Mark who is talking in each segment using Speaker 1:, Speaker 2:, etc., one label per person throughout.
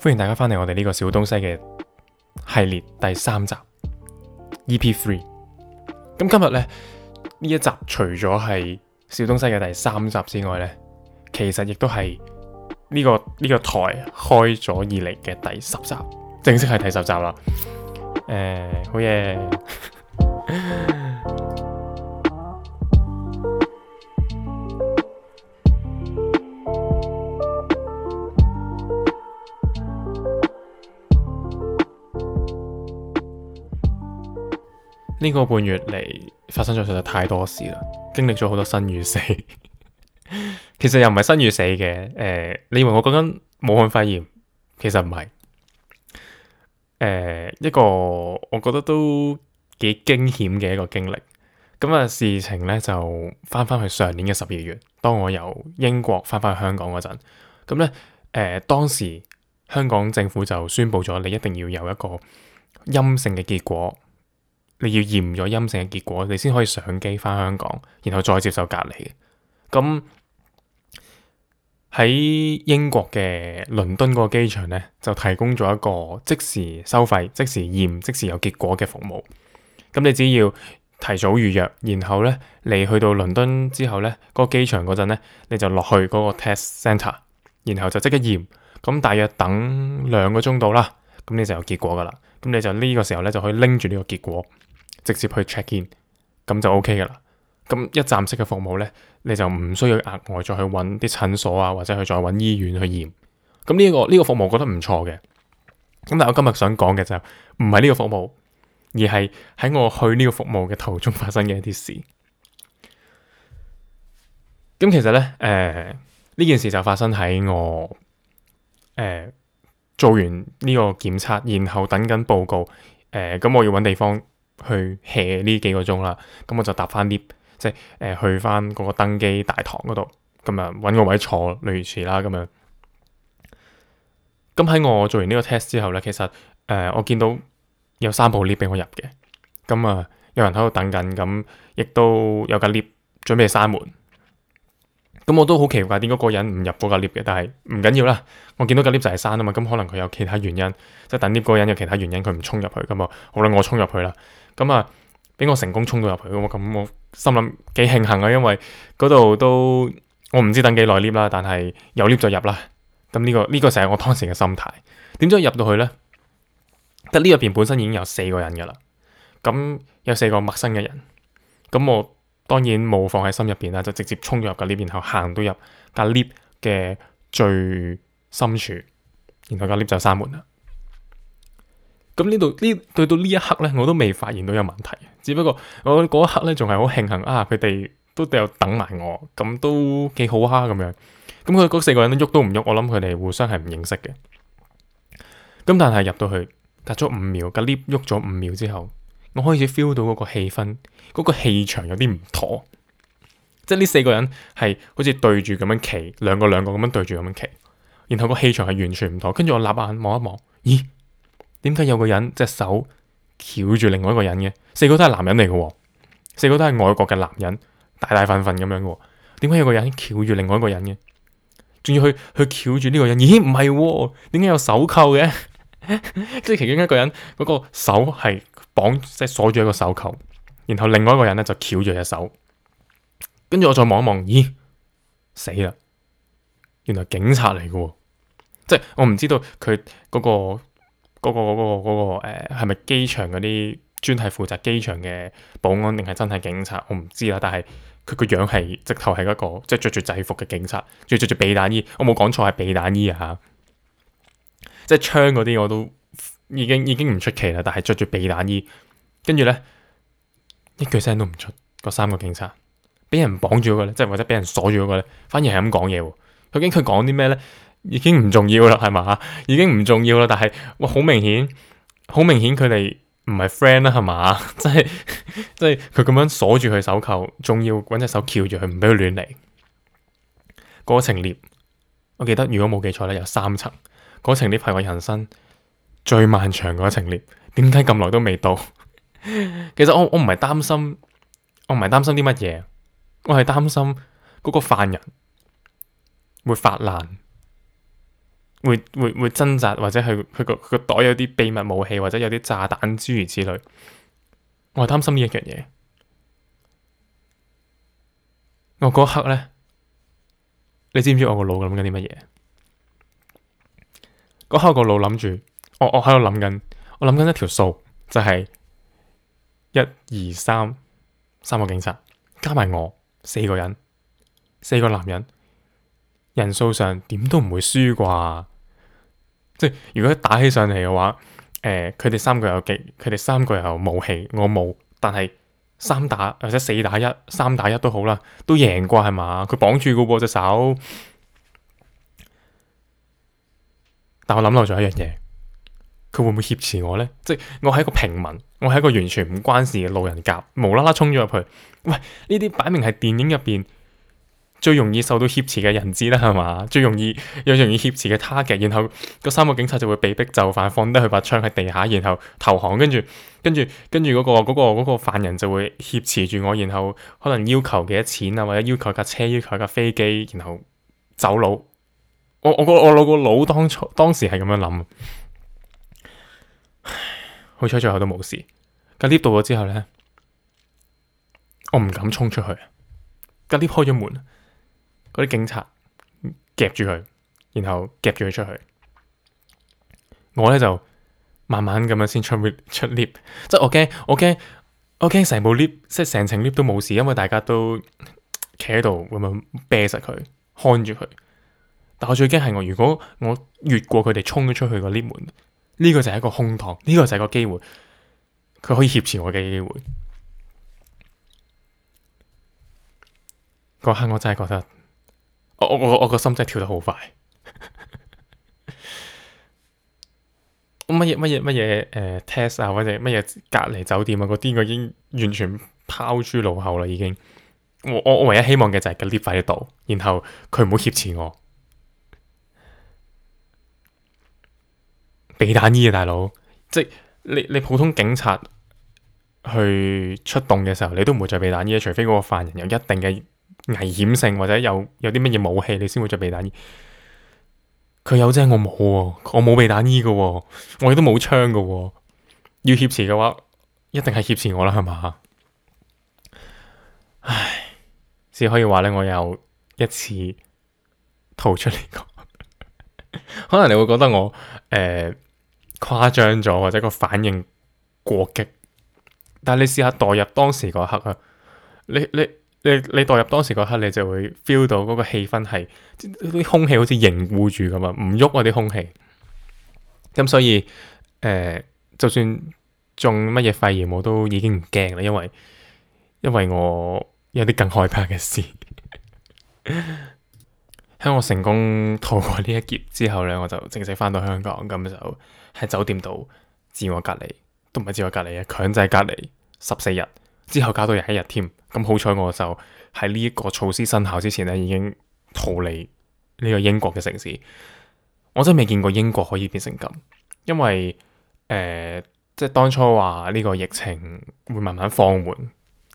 Speaker 1: 歡迎大家翻嚟我哋呢個小東西嘅系列第三集 E P three。咁今日呢，呢一集除咗係小東西嘅第三集之外呢，其實亦都係呢個呢、呢個台開咗以嚟嘅第十集，正式係第十集啦。誒、呃，好嘢。 呢個半月嚟，發生咗實在太多事啦！經歷咗好多生與死， 其實又唔係生與死嘅。誒、呃，你以為我講緊武漢肺炎，其實唔係。誒、呃，一個我覺得都幾驚險嘅一個經歷。咁啊，事情呢，就翻翻去上年嘅十二月，當我由英國翻返去香港嗰陣，咁呢，誒、呃，當時香港政府就宣布咗，你一定要有一個陰性嘅結果。你要驗咗陰性嘅結果，你先可以上機翻香港，然後再接受隔離。咁喺英國嘅倫敦個機場呢，就提供咗一個即時收費、即時驗、即時有結果嘅服務。咁你只要提早預約，然後呢，你去到倫敦之後呢嗰、嗰個機場嗰陣咧，你就落去嗰個 test centre，然後就即刻驗。咁大約等兩個鐘到啦，咁你就有結果噶啦。咁你就呢個時候呢，就可以拎住呢個結果。直接去 check in，咁就 O K 噶啦。咁一站式嘅服務呢，你就唔需要額外再去揾啲診所啊，或者去再揾醫院去驗。咁呢一個呢、呢個服務覺得唔錯嘅。咁但我今日想講嘅就唔係呢個服務，而係喺我去呢個服務嘅途中發生嘅一啲事。咁其實呢，誒、呃、呢件事就發生喺我、呃、做完呢個檢測，然後等緊報告。誒、呃、咁我要揾地方。去 hea 呢幾個鐘啦，咁、嗯、我就搭翻 lift，即係誒、呃、去翻嗰個登機大堂嗰度，咁啊揾個位坐類似啦，咁樣。咁喺我做完呢個 test 之後呢，其實誒、呃、我見到有三部 lift 俾我入嘅，咁啊有人喺度等緊，咁亦都有架 lift 準備閂門。咁我都好奇怪，點解嗰個人唔入嗰架 lift 嘅？但係唔緊要啦，我見到架 lift 就係閂啊嘛，咁可能佢有其他原因，即係等 lift 嗰個人有其他原因佢唔衝入去咁啊，好啦，我衝入去啦。咁啊，畀我成功衝到入去咁？我心諗幾慶幸啊，因為嗰度都我唔知等幾耐 lift 啦，但係有 lift 就入啦。咁呢、呢個呢、呢個就係我當時嘅心態。點知我入到去咧？得呢入邊本身已經有四個人嘅啦，咁有四個陌生嘅人。咁我當然冇放喺心入邊啦，就直接衝咗入個 lift 然後行到入架 lift 嘅最深處，然後架 lift 就閂門啦。咁呢度呢？對到呢一刻咧，我都未發現到有問題。只不過我嗰一刻咧，仲係好慶幸啊！佢哋都又等埋我，咁都幾好哈咁樣。咁佢嗰四個人都喐都唔喐，我諗佢哋互相係唔認識嘅。咁、嗯、但係入到去隔咗五秒，個 lift 喐咗五秒之後，我開始 feel 到嗰個氣氛、嗰、嗰個氣場有啲唔妥。即係呢四個人係好似對住咁樣企，兩個兩個咁樣對住咁樣企，然後個氣場係完全唔妥。跟住我擸眼望一望，咦？點解有個人隻手翹住另外一個人嘅？四個都係男人嚟嘅喎，四個都係外國嘅男人，大大份份咁樣嘅。點解有個人翹住另外一個人嘅？仲要去去翹住呢個人？咦，唔係喎！點解有手扣嘅？即 係其中一個人嗰個手係綁即係鎖住一個手扣，然後另外一個人咧就翹住隻手。跟住我再望一望，咦，死啦！原來警察嚟嘅喎，即係我唔知道佢嗰個。嗰個嗰個嗰個誒，係咪機場嗰啲專係負責機場嘅保安定係真係警察？我唔知啦，但係佢個樣係直頭係一個即係著住制服嘅警察，仲要著住避彈衣。我冇講錯係避彈衣啊！即係槍嗰啲我都已經已經唔出奇啦，但係着住避彈衣，跟住咧一句聲都唔出。嗰三個警察俾人綁住嗰個咧，即係或者俾人鎖住嗰個咧，反而係咁講嘢。究竟佢講啲咩咧？已經唔重要啦，係嘛？已經唔重要啦，但係我好明顯，好明顯佢哋唔係 friend 啦，係嘛？即係即係佢咁樣鎖住佢手扣，仲要搵隻手翹住佢，唔畀佢亂嚟。嗰程 𨋢，我記得如果冇記錯咧，有三層。嗰程 𨋢 係我人生最漫長嗰程 𨋢。點解咁耐都未到？ 其實我我唔係擔心，我唔係擔心啲乜嘢，我係擔心嗰個犯人會發爛。會會會掙扎或者係佢個個袋有啲秘密武器，或者有啲炸彈諸如此類，我係擔心呢一樣嘢。我嗰刻咧，你知唔知我個腦諗緊啲乜嘢？嗰刻我個腦諗住，我我喺度諗緊，我諗緊一條數，就係一二三，三個警察加埋我四個人，四個男人。人數上點都唔會輸啩，即係如果一打起上嚟嘅話，誒、呃，佢哋三個有技，佢哋三個有武器，我冇，但係三打或者四打一、三打一都好啦，都贏啩係嘛？佢綁住個喎隻手，但我諗漏咗一樣嘢，佢會唔會挾持我咧？即係我係一個平民，我係一個完全唔關事嘅路人甲，無啦啦衝咗入去，喂，呢啲擺明係電影入邊。.最容易受到挾持嘅人質啦，係嘛？最容易有容易挾持嘅 target。然後個三個警察就會被逼就範，放低佢把槍喺地下，然後投降。跟住，跟住，跟住嗰、嗰個嗰、嗰個嗰個嗰個、犯人就會挾持住我，然後可能要求幾多錢啊，或者要求架車、要求架飛機，然後走佬。我我個我，我老個腦當初當時係咁樣諗，好彩最後都冇事。隔 lift 到咗之後咧，我唔敢衝出去。隔 lift 開咗門。嗰啲警察夾住佢，然後夾住佢出去。我咧就慢慢咁樣先出出 lift，即係我驚，我驚，我驚成部 lift，即係成層 lift 都冇事，因為大家都企喺度咁樣啤實佢，看住佢。但我最驚係我，如果我越過佢哋衝咗出去個 lift 門，呢個就係一個空檔，呢個就係個機會，佢可以挾持我嘅機會。嗰刻我真係覺得。我我我個心真係跳得好快， 乜嘢乜嘢乜嘢誒 test 啊，呃、A，或者乜嘢隔離酒店啊，嗰啲我已經完全拋諸腦後啦，已經。我我，我唯一希望嘅就係佢 lift 快到，然後佢唔好挾持我。避彈衣啊，大佬！即係你你普通警察去出動嘅時候，你都唔會再避彈衣、啊、除非嗰個犯人有一定嘅。危險性或者有有啲乜嘢武器，你先會着避彈衣。佢有啫，我冇喎，我冇避彈衣噶喎，我亦都冇槍噶喎。要挾持嘅話，一定係挾持我啦，係嘛？唉，只可以話咧，我又一次逃出嚟，這個。 可能你會覺得我誒誇張咗，或者個反應過激。但係你試下代入當時嗰刻啊，你你。你你代入當時嗰刻，你就會 feel 到嗰個氣氛，係啲空氣好似凝固住咁啊，唔喐啊啲空氣。咁所以誒、呃，就算中乜嘢肺炎，我都已經唔驚啦，因為因為我有啲更害怕嘅事。喺 我成功逃過呢一劫之後咧，我就正式翻到香港，咁就喺酒店度自我隔離，都唔係自我隔離啊，強制隔離十四日。之後搞到廿一日添，咁好彩我就喺呢一個措施生效之前呢，已經逃離呢個英國嘅城市。我真係未見過英國可以變成咁，因為誒，即、呃、係、就是、當初話呢個疫情會慢慢放緩，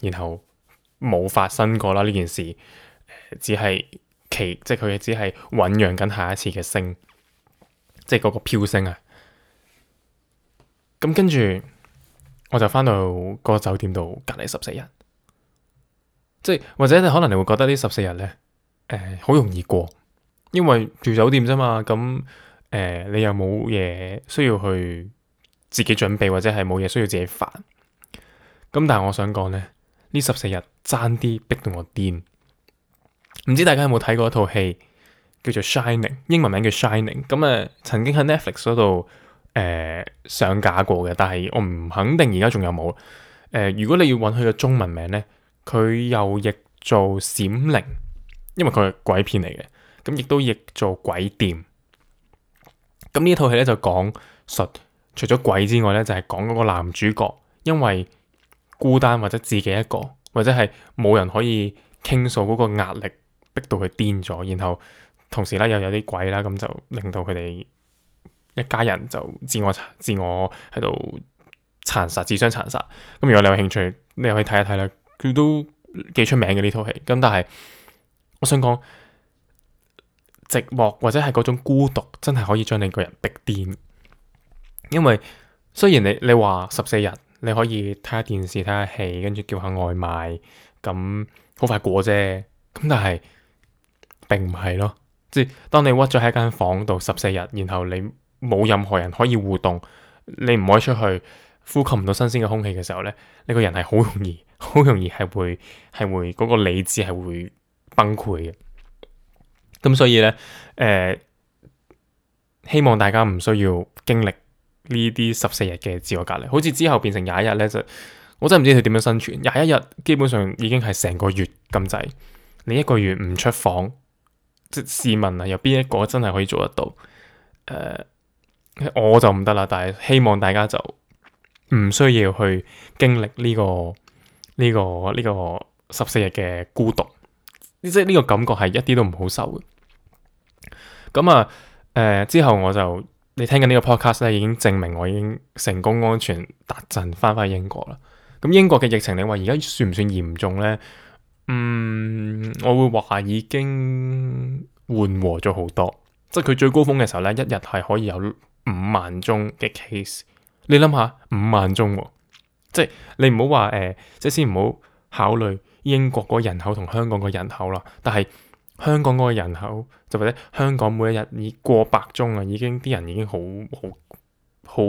Speaker 1: 然後冇發生過啦呢件事，呃、只係期即係佢只係醞釀緊下一次嘅升，即係嗰個飆升啊！咁跟住。我就翻到嗰個酒店度隔離十四日，即係或者你可能你會覺得呢十四日咧，誒、呃、好容易過，因為住酒店啫嘛，咁誒、呃、你又冇嘢需要去自己準備或者係冇嘢需要自己煩。咁但係我想講咧，呢十四日爭啲逼到我癲，唔知大家有冇睇過一套戲叫做《Shining》，英文名叫《Shining》。咁誒曾經喺 Netflix 嗰度。誒，上架、呃、過嘅，但係我唔肯定而家仲有冇。誒、呃，如果你要揾佢嘅中文名呢，佢又譯做《閃靈》，因為佢係鬼片嚟嘅，咁亦都譯做《鬼店》。咁呢套戲咧就講述，除咗鬼之外呢，就係講嗰個男主角因為孤單或者自己一個，或者係冇人可以傾訴嗰個壓力，逼到佢癲咗，然後同時咧又有啲鬼啦，咁就令到佢哋。一家人就自我、自我喺度殘殺、自相殘殺。咁如果你有興趣，你可以睇一睇啦。佢都幾出名嘅呢套戲。咁但係，我想講寂寞或者係嗰種孤獨，真係可以將你個人逼癲。因為雖然你你話十四日你可以睇下電視、睇下戲，跟住叫下外賣，咁好快過啫。咁但係並唔係咯。即係當你屈咗喺間房度十四日，然後你冇任何人可以互動，你唔可以出去，呼吸唔到新鮮嘅空氣嘅時候呢，你個人係好容易、好容易係會、係會嗰個理智係會崩潰嘅。咁所以呢，誒、呃，希望大家唔需要經歷呢啲十四日嘅自我隔離。好似之後變成廿一日呢，就我真係唔知佢點樣生存。廿一日基本上已經係成個月咁滯，你一個月唔出房，即係試問啊，有邊一個真係可以做得到？誒、呃～我就唔得啦，但係希望大家就唔需要去經歷呢個呢個呢個十四日嘅孤獨，即係呢個感覺係一啲都唔好受嘅。咁啊，誒、呃、之後我就你聽緊呢個 Podcast 咧，已經證明我已經成功安全達陣翻翻英國啦。咁英國嘅疫情，你話而家算唔算嚴重咧？嗯，我會話已經緩和咗好多，即係佢最高峰嘅時候咧，一日係可以有。五萬宗嘅 case，你諗下五萬宗喎、哦，即係你唔好話誒，即係先唔好考慮英國嗰個人口同香港嗰個人口啦。但係香港嗰個人口就或者香港每一日已過百宗啊，已經啲人已經好好好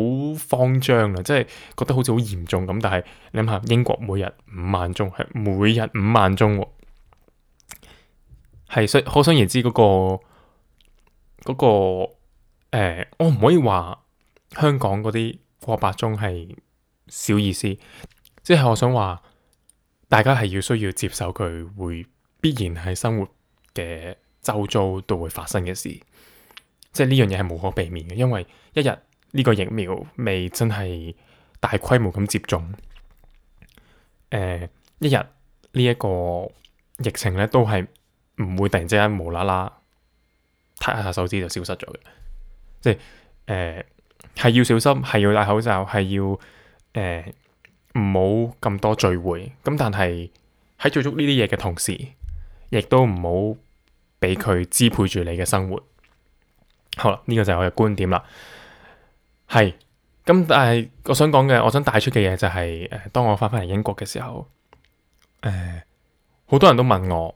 Speaker 1: 慌張啦，即係覺得好似好嚴重咁。但係你諗下英國每日五萬宗係每日五萬宗喎、哦，係所可想而知嗰個嗰個。嗰個誒、呃，我唔可以話香港嗰啲過百宗係小意思，即係我想話大家係要需要接受佢會必然係生活嘅周遭都會發生嘅事，即係呢樣嘢係無可避免嘅。因為一日呢個疫苗未真係大規模咁接種，誒、呃，一日呢一個疫情咧都係唔會突然之間無啦啦啪一下手指就消失咗嘅。即係誒，係、呃、要小心，係要戴口罩，係要誒，唔好咁多聚會。咁但係喺做足呢啲嘢嘅同時，亦都唔好俾佢支配住你嘅生活。好啦，呢、這個就係我嘅觀點啦。係咁，但係我想講嘅，我想帶出嘅嘢就係、是、誒、呃，當我翻返嚟英國嘅時候，誒、呃，好多人都問我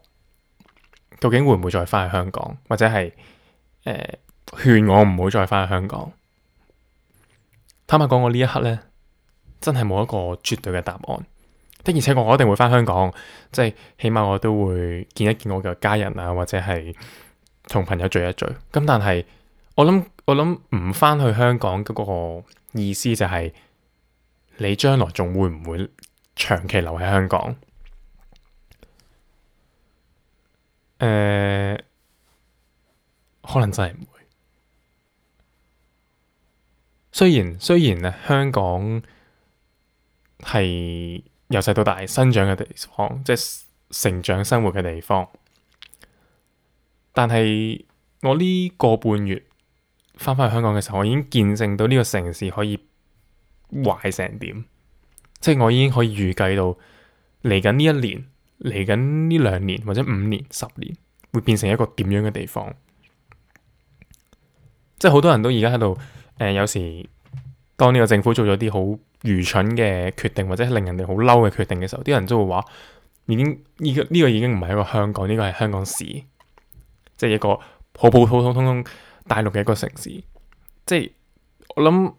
Speaker 1: 究竟會唔會再翻去香港，或者係誒？呃勸我唔好再翻香港。坦白講，我呢一刻呢，真係冇一個絕對嘅答案。的而且確，我一定會翻香港，即係起碼我都會見一見我嘅家人啊，或者係同朋友聚一聚。咁但係我諗，我諗唔翻去香港嗰個意思就係你將來仲會唔會長期留喺香港？誒、呃，可能真係唔會。雖然雖然咧，香港係由細到大生長嘅地方，即係成長生活嘅地方。但係我呢個半月翻返去香港嘅時候，我已經見證到呢個城市可以壞成點，即係我已經可以預計到嚟緊呢一年、嚟緊呢兩年或者五年、十年會變成一個點樣嘅地方。即係好多人都而家喺度。誒、嗯、有時當呢個政府做咗啲好愚蠢嘅決定，或者令人哋好嬲嘅決定嘅時候，啲人都會話已經呢個呢個已經唔係一個香港，呢、這個係香港市，即係一個普普普通通通大陸嘅一個城市。即係我諗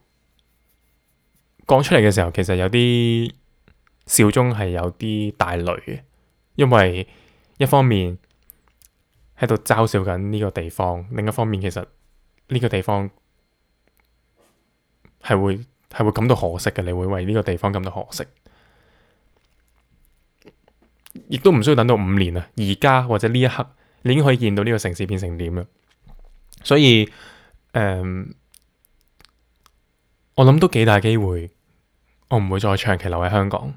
Speaker 1: 講出嚟嘅時候，其實有啲笑中係有啲帶淚嘅，因為一方面喺度嘲笑緊呢個地方，另一方面其實呢個地方。係會係會感到可惜嘅，你會為呢個地方感到可惜，亦都唔需要等到五年啊！而家或者呢一刻，你已經可以見到呢個城市變成點啦。所以，誒、嗯，我諗都幾大機會，我唔會再長期留喺香港。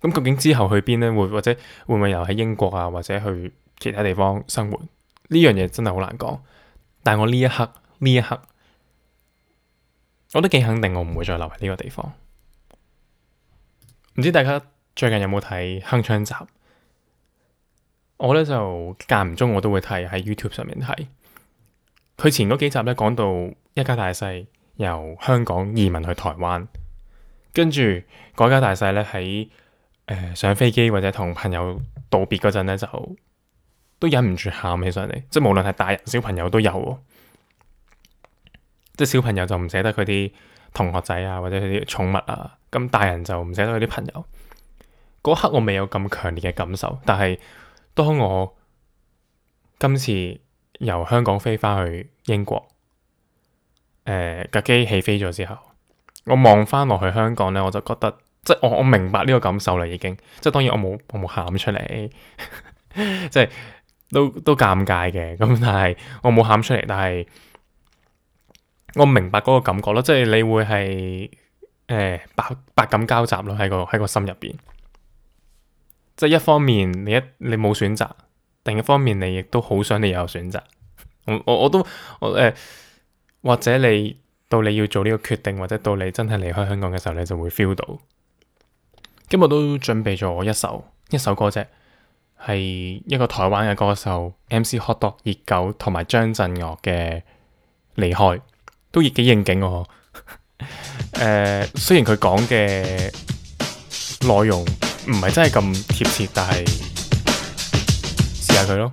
Speaker 1: 咁究竟之後去邊咧？會或者會唔會又喺英國啊，或者去其他地方生活？呢樣嘢真係好難講。但係我呢一刻，呢一刻。我都幾肯定，我唔會再留喺呢個地方。唔知大家最近有冇睇《鏗鏘集》我呢？我咧就間唔中我都會睇，喺 YouTube 上面睇。佢前嗰幾集咧講到一家大細由香港移民去台灣，跟住嗰家大細咧喺誒上飛機或者同朋友道別嗰陣咧，就都忍唔住喊起上嚟，即係無論係大人小朋友都有喎。即係小朋友就唔捨得佢啲同學仔啊，或者佢啲寵物啊，咁大人就唔捨得佢啲朋友。嗰刻我未有咁強烈嘅感受，但係當我今次由香港飛翻去英國，誒架機起飛咗之後，我望翻落去香港咧，我就覺得即係我我明白呢個感受啦，已經即係當然我冇我冇喊出嚟， 即係都都尷尬嘅，咁但係我冇喊出嚟，但係。但我明白嗰個感覺咯，即係你會係誒百百感交集咯。喺個喺個心入邊，即係一方面你一你冇選擇，另一方面你亦都好想你有選擇。我我我都誒、欸，或者你到你要做呢個決定，或者到你真係離開香港嘅時候，你就會 feel 到。今日都準備咗我一首一首歌啫，係一個台灣嘅歌手 MC HotDog 熱狗同埋張震嶽嘅離開。都亦幾應景喎，誒、 呃、雖然佢講嘅內容唔係真係咁貼切，但係試下佢咯。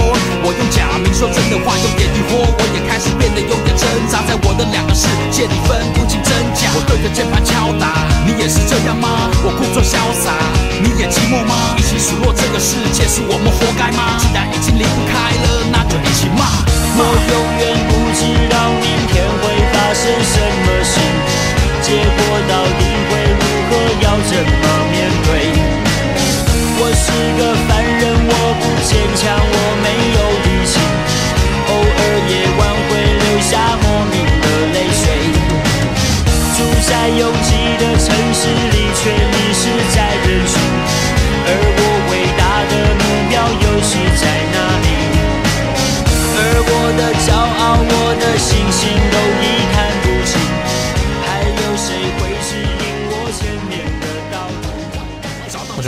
Speaker 1: 嗎？我故作瀟灑，你也寂寞嗎？一起數落這個世界，是我們活該嗎？既然已經離不開。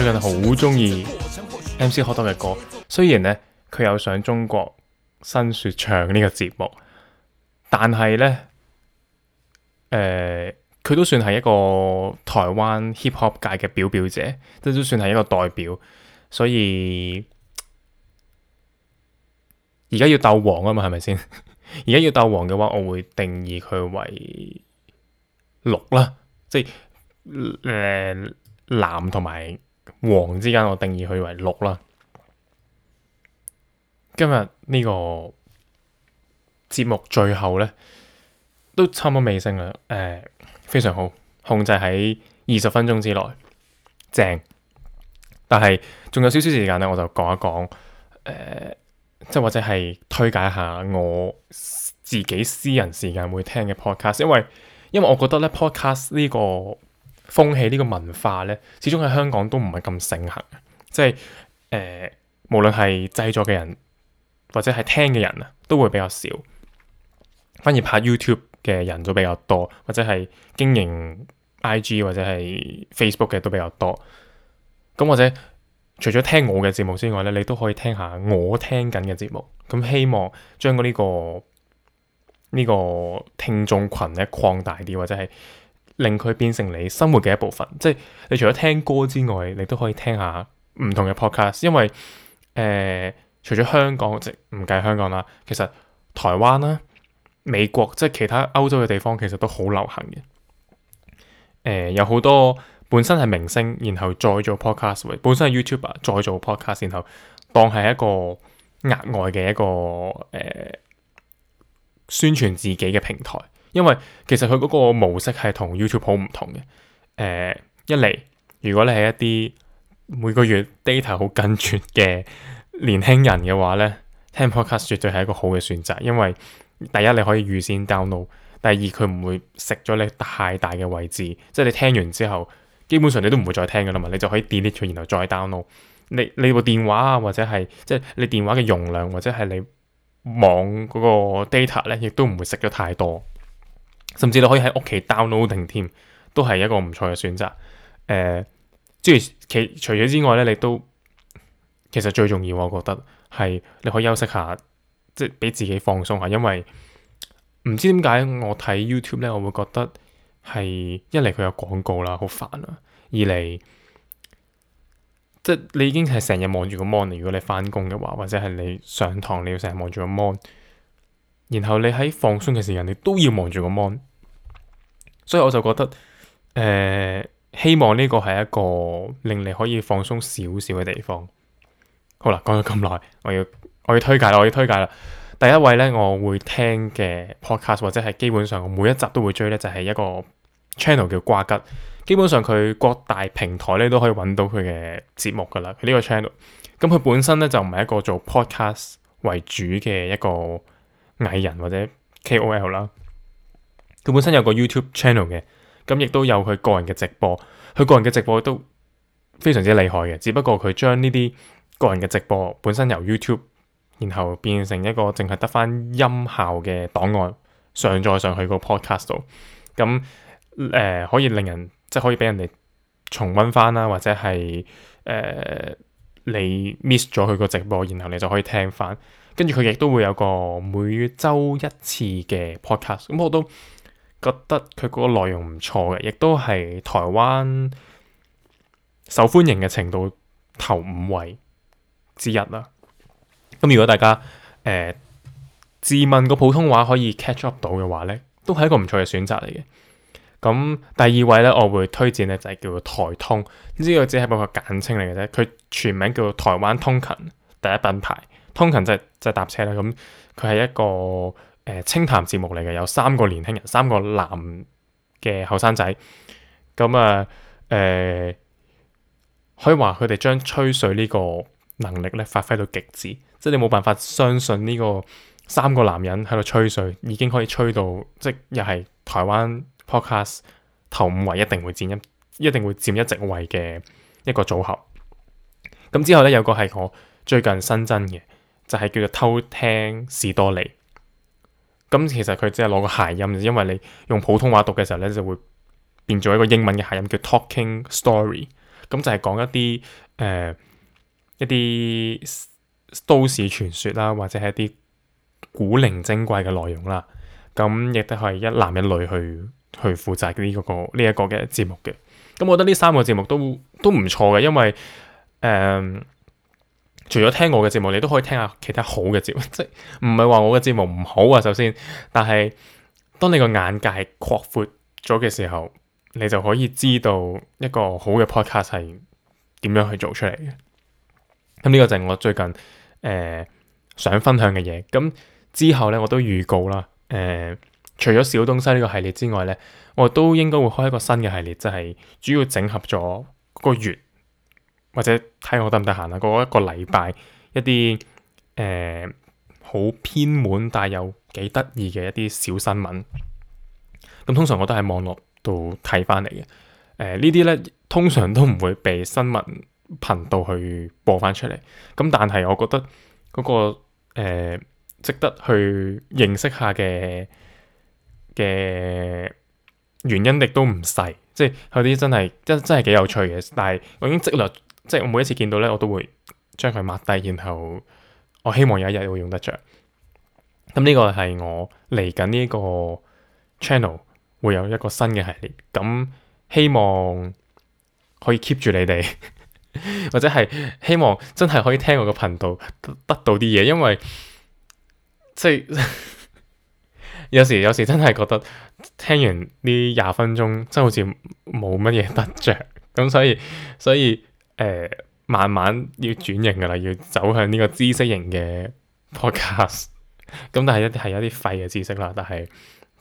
Speaker 1: 最近好中意 MC 學東嘅歌，雖然呢，佢有上中國新說唱呢個節目，但係呢，誒、呃，佢都算係一個台灣 hip hop 界嘅表表姐，即都算係一個代表。所以而家要鬥王啊嘛，係咪先？而 家要鬥王嘅話，我會定義佢為六啦，即係誒、呃、藍同埋。黃之間，我定義佢為綠啦。今日呢個節目最後呢，都差唔多尾聲啦。誒、呃，非常好，控制喺二十分鐘之內，正。但係仲有少少時間呢，我就講一講，誒、呃，即、就是、或者係推介下我自己私人時間會聽嘅 podcast，因為因為我覺得呢 podcast 呢個。風氣呢個文化呢，始終喺香港都唔係咁盛行，即係誒、呃，無論係製作嘅人或者係聽嘅人啊，都會比較少，反而拍 YouTube 嘅人都比較多，或者係經營 IG 或者係 Facebook 嘅都比較多。咁或者除咗聽我嘅節目之外咧，你都可以聽下我聽緊嘅節目。咁希望將呢個呢個聽眾群咧擴大啲，或者係。令佢變成你生活嘅一部分，即係你除咗聽歌之外，你都可以聽下唔同嘅 podcast，因為誒、呃，除咗香港即唔計香港啦，其實台灣啦、啊、美國即係其他歐洲嘅地方，其實都好流行嘅。誒、呃，有好多本身係明星，然後再做 podcast，本身係 YouTuber，再做 podcast，然後當係一個額外嘅一個誒、呃，宣傳自己嘅平台。因為其實佢嗰個模式係 you 同 YouTube 好唔同嘅。誒、呃、一嚟，如果你係一啲每個月 data 好緊缺嘅年輕人嘅話咧，聽 Podcast 絕對係一個好嘅選擇。因為第一你可以預先 download，第二佢唔會食咗你太大嘅位置，即係你聽完之後基本上你都唔會再聽嘅啦嘛。你就可以 delete 佢，然後再 download。你你部電話啊，或者係即係你電話嘅容量，或者係你網嗰個 data 咧，亦都唔會食咗太多。甚至你可以喺屋企 downloading 添，都係一個唔錯嘅選擇。誒、呃，即係其除咗之外咧，你都其實最重要，我覺得係你可以休息下，即係俾自己放鬆下。因為唔知點解我睇 YouTube 咧，我會覺得係一嚟佢有廣告啦，好煩啊，二嚟即係你已經係成日望住個 mon。如果你翻工嘅話，或者係你上堂你要成日望住個 mon。然後你喺放鬆嘅時間，你都要望住個 mon，所以我就覺得，誒、呃，希望呢個係一個令你可以放鬆少少嘅地方。好啦，講咗咁耐，我要我要推介啦，我要推介啦。第一位呢，我會聽嘅 podcast 或者係基本上每一集都會追呢，就係、是、一個 channel 叫呱吉。基本上佢各大平台呢都可以揾到佢嘅節目噶啦。佢呢個 channel，咁佢、嗯、本身呢就唔係一個做 podcast 為主嘅一個。藝人或者 KOL 啦，佢本身有個 YouTube channel 嘅，咁亦都有佢個人嘅直播，佢個人嘅直播都非常之厲害嘅。只不過佢將呢啲個人嘅直播本身由 YouTube，然後變成一個淨係得翻音效嘅檔案上載上去個 Podcast 度，咁誒、呃、可以令人即係可以俾人哋重溫翻啦，或者係誒、呃、你 miss 咗佢個直播，然後你就可以聽翻。跟住佢亦都會有個每週一次嘅 podcast，咁我都覺得佢個內容唔錯嘅，亦都係台灣受歡迎嘅程度頭五位之一啦。咁如果大家誒、呃、自問個普通話可以 catch up 到嘅話咧，都係一個唔錯嘅選擇嚟嘅。咁第二位咧，我會推薦咧就係、是、叫做台通，呢、這個只係不過簡稱嚟嘅啫，佢全名叫台灣通勤第一品牌。通勤即係即係搭車啦，咁佢係一個誒、呃、清談節目嚟嘅，有三個年輕人，三個男嘅後生仔，咁啊誒，可以話佢哋將吹水呢個能力咧發揮到極致，即係你冇辦法相信呢個三個男人喺度吹水已經可以吹到，即又係台灣 podcast 頭五位一定會佔一一定會佔一席位嘅一個組合。咁之後咧有個係我最近新增嘅。就係叫做偷聽史多利，咁其實佢只係攞個諧音，因為你用普通話讀嘅時候咧，就會變咗一個英文嘅諧音叫 talking story，咁就係講一啲誒、呃、一啲都市傳說啦，或者係一啲古靈精怪嘅內容啦，咁亦都係一男一女去去負責呢、呢個呢一、呢個嘅、呢個、節目嘅，咁我覺得呢三個節目都都唔錯嘅，因為誒。呃除咗聽我嘅節目，你都可以聽下其他好嘅節目，即唔係話我嘅節目唔好啊？首先，但係當你個眼界擴闊咗嘅時候，你就可以知道一個好嘅 podcast 係點樣去做出嚟嘅。咁、嗯、呢、呢個就係我最近誒、呃、想分享嘅嘢。咁、嗯、之後咧，我都預告啦，誒、呃，除咗小東西呢個系列之外咧，我都應該會開一個新嘅系列，就係、是、主要整合咗個月。或者睇我得唔得閒啊？嗰一個禮拜一啲誒、好偏門但又幾得意嘅一啲小新聞，咁通常我都喺網絡度睇翻嚟嘅。誒、呃、呢啲咧通常都唔會被新聞頻道去播翻出嚟。咁但係我覺得嗰、那個、呃、值得去認識下嘅嘅原因亦都唔細，即係有啲真係真真係幾有趣嘅。但係我已經積略。即係我每一次見到咧，我都會將佢抹低，然後我希望有一日會用得着。咁、嗯、呢、呢個係我嚟緊呢個 channel 會有一個新嘅系列，咁、嗯、希望可以 keep 住你哋， 或者係希望真係可以聽我個頻道得到啲嘢，因為即係、就是、 有時有時真係覺得聽完呢廿分鐘，真係好似冇乜嘢得着。咁所以所以。所以誒、呃，慢慢要轉型噶啦，要走向呢個知識型嘅 podcast。咁 但係一啲係一啲廢嘅知識啦，但係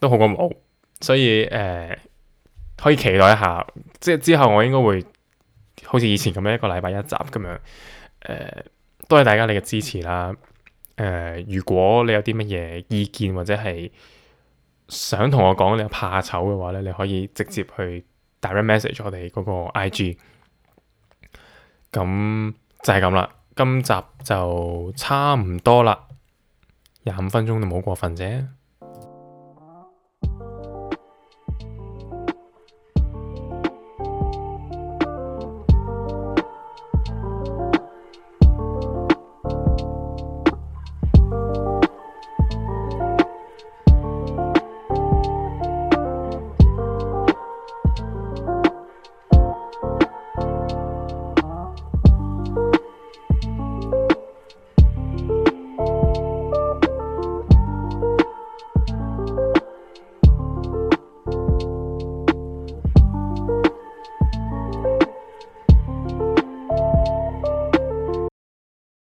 Speaker 1: 都好過冇。所以誒、呃，可以期待一下，即係之後我應該會好似以前咁樣一個禮拜一集咁樣。誒、呃，多謝大家你嘅支持啦。誒、呃，如果你有啲乜嘢意見或者係想同我講，你怕醜嘅話咧，你可以直接去 direct message 我哋嗰個 IG。咁就係咁啦，今集就差唔多啦，廿五分鐘都冇過分啫。